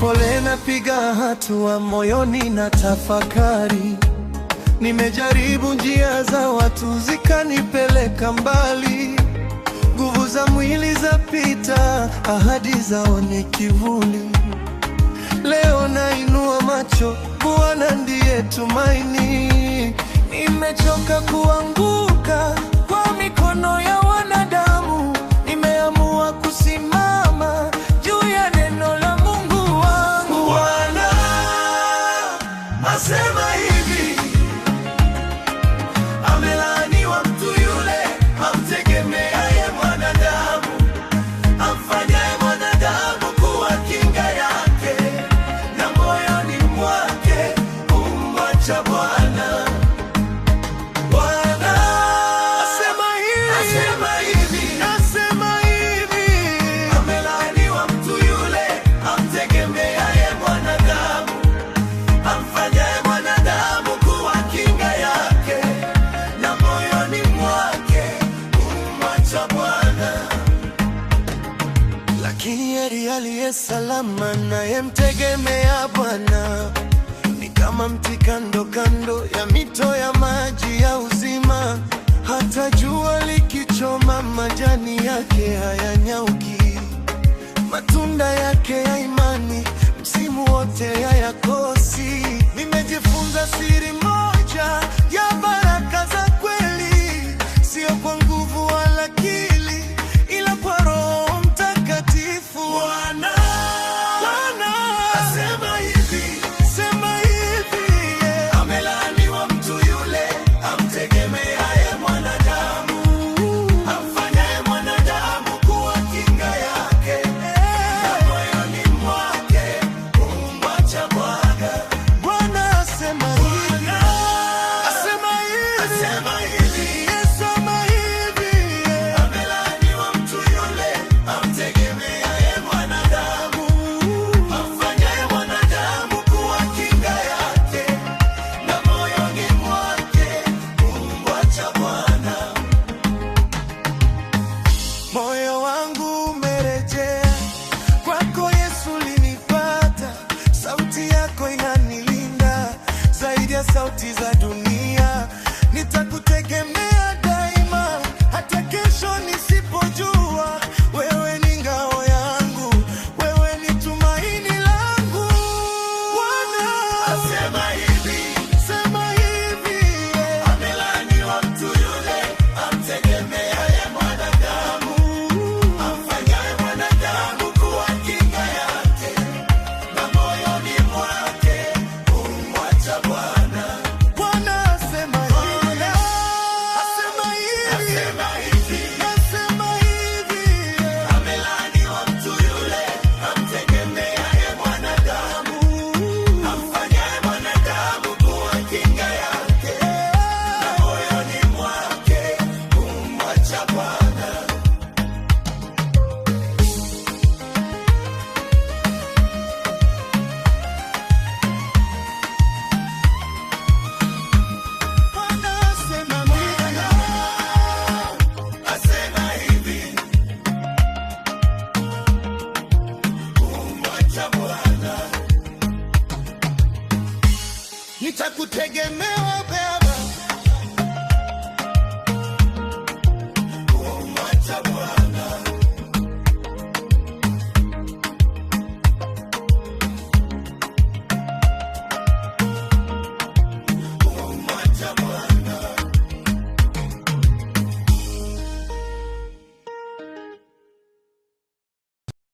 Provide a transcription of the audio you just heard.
Pole napiga hatua, moyoni na tafakari. Nimejaribu njia za watu zikanipeleka mbali, nguvu za mwili zapita, ahadi zao ni kivuli. Leo nainua macho, Bwana ndiye tumaini. Nimechoka kuanguka cha Bwana. amelaaniwa mtu yule amtegemeaye mwanadamu, amfanyaye mwanadamu kuwa kinga yake, na moyoni mwake kumwacha Bwana. Lakini heri aliye salama anayemtegemea Bwana kama mti kando kando ya mito ya maji ya uzima. Hata jua likichoma majani yake hayanyauki, matunda yake ima. Chapo. nitakutegemea